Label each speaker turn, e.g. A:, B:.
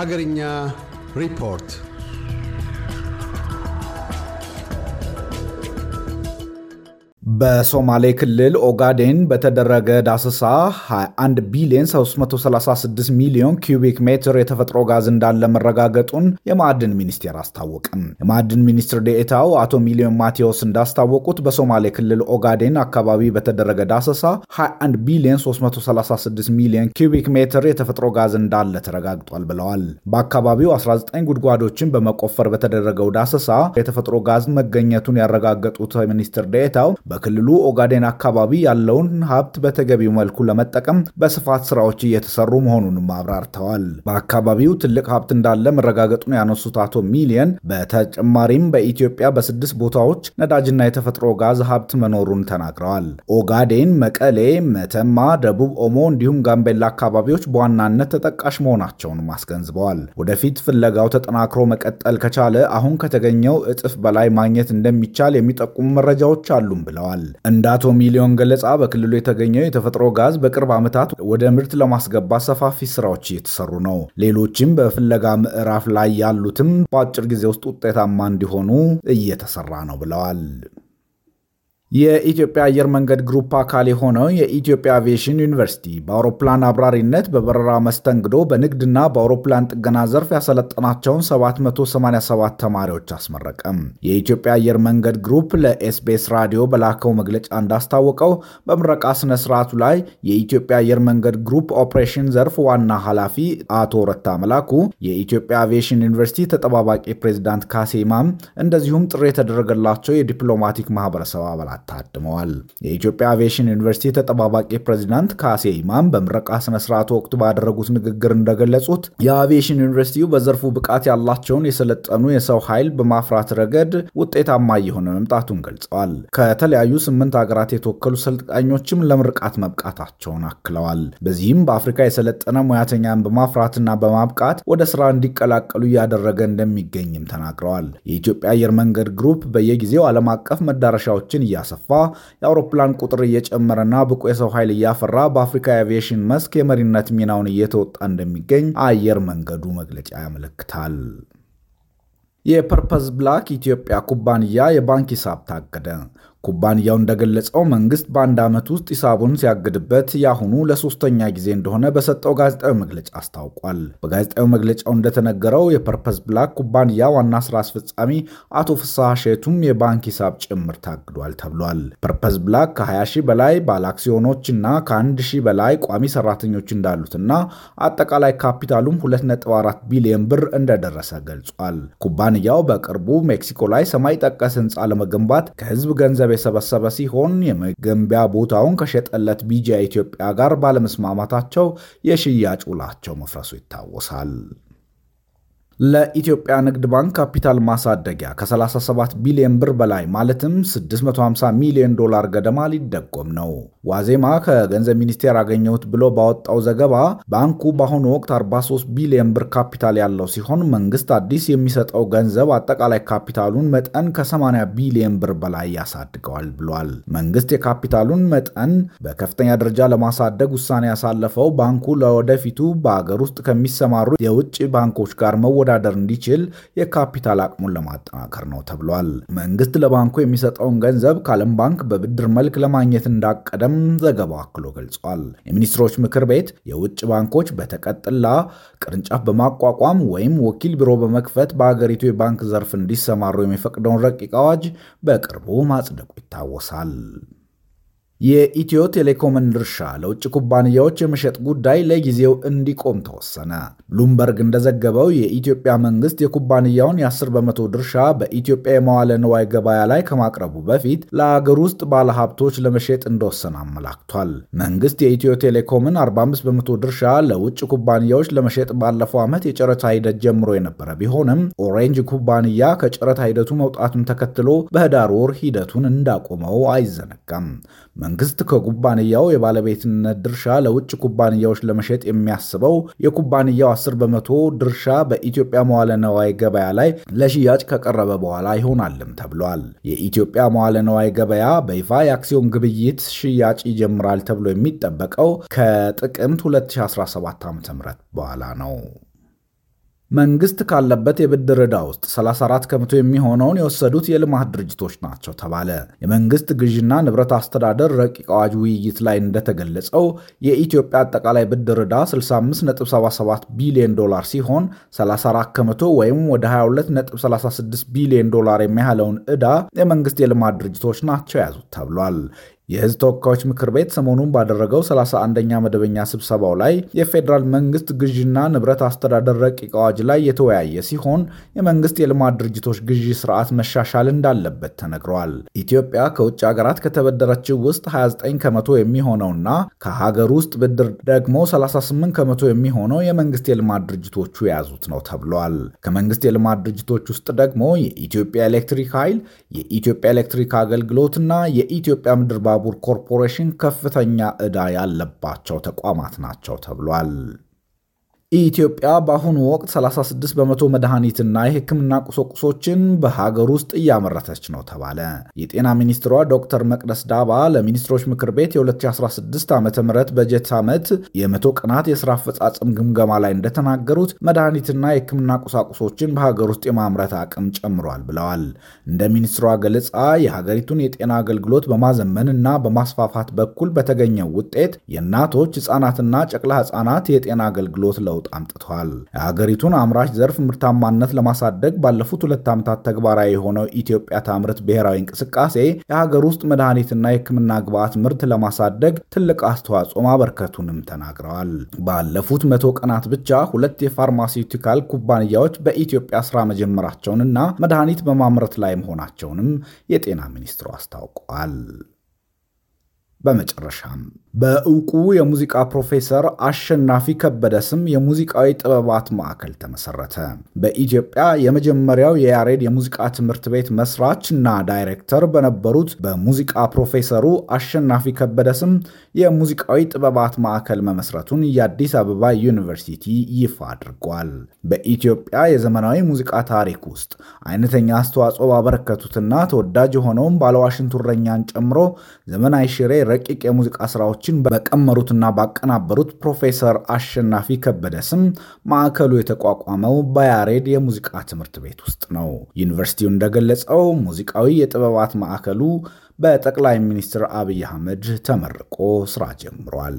A: Hagarinya Report በሶማሌ ክልል ኦጋዴን በተደረገ ዳሰሳ 21 ቢሊዮን 336 ሚሊዮን ኪዩቢክ ሜትር የተፈጥሮ ጋዝ እንዳለ መረጋገጡን የማዕድን ሚኒስቴር አስታወቅም። የማዕድን ሚኒስትር ዴኤታው አቶ ሚሊዮን ማቴዎስ እንዳስታወቁት በሶማሌ ክልል ኦጋዴን አካባቢ በተደረገ ዳሰሳ 21 ቢሊዮን 336 ሚሊዮን ኪዩቢክ ሜትር የተፈጥሮ ጋዝ እንዳለ ተረጋግጧል ብለዋል። በአካባቢው 19 ጉድጓዶችን በመቆፈር በተደረገው ዳሰሳ የተፈጥሮ ጋዝ መገኘቱን ያረጋገጡት ሚኒስትር ዴኤታው በክልሉ ኦጋዴን አካባቢ ያለውን ሀብት በተገቢው መልኩ ለመጠቀም በስፋት ስራዎች እየተሰሩ መሆኑንም አብራርተዋል። በአካባቢው ትልቅ ሀብት እንዳለ መረጋገጡን ያነሱት አቶ ሚሊየን በተጨማሪም በኢትዮጵያ በስድስት ቦታዎች ነዳጅና የተፈጥሮ ጋዝ ሀብት መኖሩን ተናግረዋል። ኦጋዴን፣ መቀሌ፣ መተማ፣ ደቡብ ኦሞ እንዲሁም ጋምቤላ አካባቢዎች በዋናነት ተጠቃሽ መሆናቸውንም አስገንዝበዋል። ወደፊት ፍለጋው ተጠናክሮ መቀጠል ከቻለ አሁን ከተገኘው እጥፍ በላይ ማግኘት እንደሚቻል የሚጠቁሙ መረጃዎች አሉም ብለዋል። ብለዋል። እንደ አቶ ሚሊዮን ገለጻ በክልሉ የተገኘው የተፈጥሮ ጋዝ በቅርብ ዓመታት ወደ ምርት ለማስገባት ሰፋፊ ስራዎች እየተሰሩ ነው። ሌሎችም በፍለጋ ምዕራፍ ላይ ያሉትም በአጭር ጊዜ ውስጥ ውጤታማ እንዲሆኑ እየተሰራ ነው ብለዋል። የኢትዮጵያ አየር መንገድ ግሩፕ አካል የሆነው የኢትዮጵያ አቪዬሽን ዩኒቨርሲቲ በአውሮፕላን አብራሪነት፣ በበረራ መስተንግዶ፣ በንግድና በአውሮፕላን ጥገና ዘርፍ ያሰለጠናቸውን 787 ተማሪዎች አስመረቀም። የኢትዮጵያ አየር መንገድ ግሩፕ ለኤስቢኤስ ራዲዮ በላከው መግለጫ እንዳስታወቀው በምረቃ ስነ ስርዓቱ ላይ የኢትዮጵያ አየር መንገድ ግሩፕ ኦፕሬሽን ዘርፍ ዋና ኃላፊ አቶ ረታ መላኩ፣ የኢትዮጵያ አቪዬሽን ዩኒቨርሲቲ ተጠባባቂ ፕሬዚዳንት ካሴ እንደዚሁም ጥሪ የተደረገላቸው የዲፕሎማቲክ ማህበረሰብ አባላት ታድመዋል። የኢትዮጵያ አቪዬሽን ዩኒቨርሲቲ ተጠባባቂ ፕሬዚዳንት ካሴ ኢማም በምረቃ ስነስርዓቱ ወቅት ባደረጉት ንግግር እንደገለጹት የአቪዬሽን ዩኒቨርሲቲው በዘርፉ ብቃት ያላቸውን የሰለጠኑ የሰው ኃይል በማፍራት ረገድ ውጤታማ እየሆነ መምጣቱን ገልጸዋል። ከተለያዩ ስምንት ሀገራት የተወከሉ ሰልጣኞችም ለምርቃት መብቃታቸውን አክለዋል። በዚህም በአፍሪካ የሰለጠነ ሙያተኛን በማፍራትና በማብቃት ወደ ስራ እንዲቀላቀሉ እያደረገ እንደሚገኝም ተናግረዋል። የኢትዮጵያ አየር መንገድ ግሩፕ በየጊዜው ዓለም አቀፍ መዳረሻዎችን እያ እያሰፋ የአውሮፕላን ቁጥር እየጨመረና ብቁ የሰው ኃይል እያፈራ በአፍሪካ የአቪዬሽን መስክ የመሪነት ሚናውን እየተወጣ እንደሚገኝ አየር መንገዱ መግለጫ ያመለክታል። የፐርፐዝ ብላክ ኢትዮጵያ ኩባንያ የባንክ ሂሳብ ታገደ። ኩባንያው እንደገለጸው መንግስት በአንድ ዓመት ውስጥ ሂሳቡን ሲያግድበት የአሁኑ ለሶስተኛ ጊዜ እንደሆነ በሰጠው ጋዜጣዊ መግለጫ አስታውቋል። በጋዜጣዊ መግለጫው እንደተነገረው የፐርፐስ ብላክ ኩባንያ ዋና ስራ አስፈጻሚ አቶ ፍስሐ ሼቱም የባንክ ሂሳብ ጭምር ታግዷል ተብሏል። ፐርፐስ ብላክ ከ20 ሺህ በላይ አክሲዮኖች እና ከ1 ሺህ በላይ ቋሚ ሰራተኞች እንዳሉትና አጠቃላይ ካፒታሉም 2.4 ቢሊዮን ብር እንደደረሰ ገልጿል። ኩባንያው በቅርቡ ሜክሲኮ ላይ ሰማይ ጠቀስ ህንፃ ለመገንባት ከህዝብ ገንዘብ ገንዘብ የሰበሰበ ሲሆን የመገንቢያ ቦታውን ከሸጠለት ቢጃ ኢትዮጵያ ጋር ባለመስማማታቸው የሽያጭ ውላቸው መፍረሱ ይታወሳል። ለኢትዮጵያ ንግድ ባንክ ካፒታል ማሳደጊያ ከ37 ቢሊዮን ብር በላይ ማለትም 650 ሚሊዮን ዶላር ገደማ ሊደጎም ነው። ዋዜማ ከገንዘብ ሚኒስቴር አገኘሁት ብሎ ባወጣው ዘገባ ባንኩ በአሁኑ ወቅት 43 ቢሊዮን ብር ካፒታል ያለው ሲሆን መንግስት አዲስ የሚሰጠው ገንዘብ አጠቃላይ ካፒታሉን መጠን ከ80 ቢሊዮን ብር በላይ ያሳድገዋል ብሏል። መንግስት የካፒታሉን መጠን በከፍተኛ ደረጃ ለማሳደግ ውሳኔ ያሳለፈው ባንኩ ለወደፊቱ በአገር ውስጥ ከሚሰማሩ የውጭ ባንኮች ጋር መወዳ መወዳደር እንዲችል የካፒታል አቅሙን ለማጠናከር ነው ተብሏል። መንግስት ለባንኩ የሚሰጠውን ገንዘብ ከዓለም ባንክ በብድር መልክ ለማግኘት እንዳቀደም ዘገባው አክሎ ገልጿል። የሚኒስትሮች ምክር ቤት የውጭ ባንኮች በተቀጥላ ቅርንጫፍ በማቋቋም ወይም ወኪል ቢሮ በመክፈት በአገሪቱ የባንክ ዘርፍ እንዲሰማሩ የሚፈቅደውን ረቂቅ አዋጅ በቅርቡ ማጽደቁ ይታወሳል። የኢትዮ ቴሌኮምን ድርሻ ለውጭ ኩባንያዎች የመሸጥ ጉዳይ ለጊዜው እንዲቆም ተወሰነ። ብሉምበርግ እንደዘገበው የኢትዮጵያ መንግስት የኩባንያውን የ10 በመቶ ድርሻ በኢትዮጵያ የመዋለ ንዋይ ገበያ ላይ ከማቅረቡ በፊት ለአገር ውስጥ ባለሀብቶች ለመሸጥ እንደወሰነ አመላክቷል። መንግስት የኢትዮ ቴሌኮምን 45 በመቶ ድርሻ ለውጭ ኩባንያዎች ለመሸጥ ባለፈው ዓመት የጨረታ ሂደት ጀምሮ የነበረ ቢሆንም ኦሬንጅ ኩባንያ ከጨረታ ሂደቱ መውጣቱን ተከትሎ በህዳር ወር ሂደቱን እንዳቆመው አይዘነጋም። መንግስት ከኩባንያው የባለቤትነት ድርሻ ለውጭ ኩባንያዎች ለመሸጥ የሚያስበው የኩባንያው 10 በመቶ ድርሻ በኢትዮጵያ መዋለ ነዋይ ገበያ ላይ ለሽያጭ ከቀረበ በኋላ ይሆናልም ተብሏል። የኢትዮጵያ መዋለ ነዋይ ገበያ በይፋ የአክሲዮን ግብይት ሽያጭ ይጀምራል ተብሎ የሚጠበቀው ከጥቅምት 2017 ዓ.ም በኋላ ነው። መንግስት ካለበት የብድር ዕዳ ውስጥ 34 ከመቶ የሚሆነውን የወሰዱት የልማት ድርጅቶች ናቸው ተባለ። የመንግስት ግዥና ንብረት አስተዳደር ረቂቅ አዋጅ ውይይት ላይ እንደተገለጸው የኢትዮጵያ አጠቃላይ ብድር ዕዳ 65.77 ቢሊዮን ዶላር ሲሆን 34 ከመቶ ወይም ወደ 22.36 ቢሊዮን ዶላር የሚያህለውን ዕዳ የመንግስት የልማት ድርጅቶች ናቸው ያዙት ተብሏል። የህዝብ ተወካዮች ምክር ቤት ሰሞኑን ባደረገው 31ኛ መደበኛ ስብሰባው ላይ የፌዴራል መንግስት ግዥና ንብረት አስተዳደር ረቂቅ አዋጅ ላይ የተወያየ ሲሆን የመንግስት የልማት ድርጅቶች ግዢ ስርዓት መሻሻል እንዳለበት ተነግሯል። ኢትዮጵያ ከውጭ ሀገራት ከተበደረችው ውስጥ 29 ከመቶ የሚሆነውና ከሀገር ውስጥ ብድር ደግሞ 38 ከመቶ የሚሆነው የመንግስት የልማት ድርጅቶቹ የያዙት ነው ተብሏል። ከመንግስት የልማት ድርጅቶች ውስጥ ደግሞ የኢትዮጵያ ኤሌክትሪክ ኃይል፣ የኢትዮጵያ ኤሌክትሪክ አገልግሎትና የኢትዮጵያ ምድር ባቡር ኮርፖሬሽን ከፍተኛ ዕዳ ያለባቸው ተቋማት ናቸው ተብሏል። ኢትዮጵያ በአሁኑ ወቅት 36 በመቶ መድኃኒትና የሕክምና ቁሳቁሶችን በሀገር ውስጥ እያመረተች ነው ተባለ። የጤና ሚኒስትሯ ዶክተር መቅደስ ዳባ ለሚኒስትሮች ምክር ቤት የ2016 ዓ ም በጀት ዓመት የመቶ ቀናት የስራ አፈጻጸም ግምገማ ላይ እንደተናገሩት መድኃኒትና የሕክምና ቁሳቁሶችን በሀገር ውስጥ የማምረት አቅም ጨምሯል ብለዋል። እንደ ሚኒስትሯ ገለጻ የሀገሪቱን የጤና አገልግሎት በማዘመን እና በማስፋፋት በኩል በተገኘው ውጤት የእናቶች ሕፃናትና ጨቅላ ሕፃናት የጤና አገልግሎት ለው ለውጥ አምጥቷል። የሀገሪቱን አምራች ዘርፍ ምርታማነት ለማሳደግ ባለፉት ሁለት ዓመታት ተግባራዊ የሆነው ኢትዮጵያ ታምርት ብሔራዊ እንቅስቃሴ የሀገር ውስጥ መድኃኒትና የሕክምና ግብዓት ምርት ለማሳደግ ትልቅ አስተዋጽኦ ማበርከቱንም ተናግረዋል። ባለፉት መቶ ቀናት ብቻ ሁለት የፋርማሲውቲካል ኩባንያዎች በኢትዮጵያ ስራ መጀመራቸውንና መድኃኒት በማምረት ላይ መሆናቸውንም የጤና ሚኒስትሩ አስታውቋል። በመጨረሻም በእውቁ የሙዚቃ ፕሮፌሰር አሸናፊ ከበደ ስም የሙዚቃዊ ጥበባት ማዕከል ተመሰረተ። በኢትዮጵያ የመጀመሪያው የያሬድ የሙዚቃ ትምህርት ቤት መስራች እና ዳይሬክተር በነበሩት በሙዚቃ ፕሮፌሰሩ አሸናፊ ከበደ ስም የሙዚቃዊ ጥበባት ማዕከል መመስረቱን የአዲስ አበባ ዩኒቨርሲቲ ይፋ አድርጓል። በኢትዮጵያ የዘመናዊ ሙዚቃ ታሪክ ውስጥ አይነተኛ አስተዋጽኦ ባበረከቱትና ተወዳጅ የሆነውን ባለዋሽንቱረኛን ጨምሮ ዘመናዊ ሽሬ ረቂቅ የሙዚቃ ስራዎች ስራዎችን በቀመሩትና ባቀናበሩት ፕሮፌሰር አሸናፊ ከበደ ስም ማዕከሉ የተቋቋመው በያሬድ የሙዚቃ ትምህርት ቤት ውስጥ ነው። ዩኒቨርሲቲው እንደገለጸው ሙዚቃዊ የጥበባት ማዕከሉ በጠቅላይ ሚኒስትር አብይ አህመድ ተመርቆ ስራ ጀምሯል።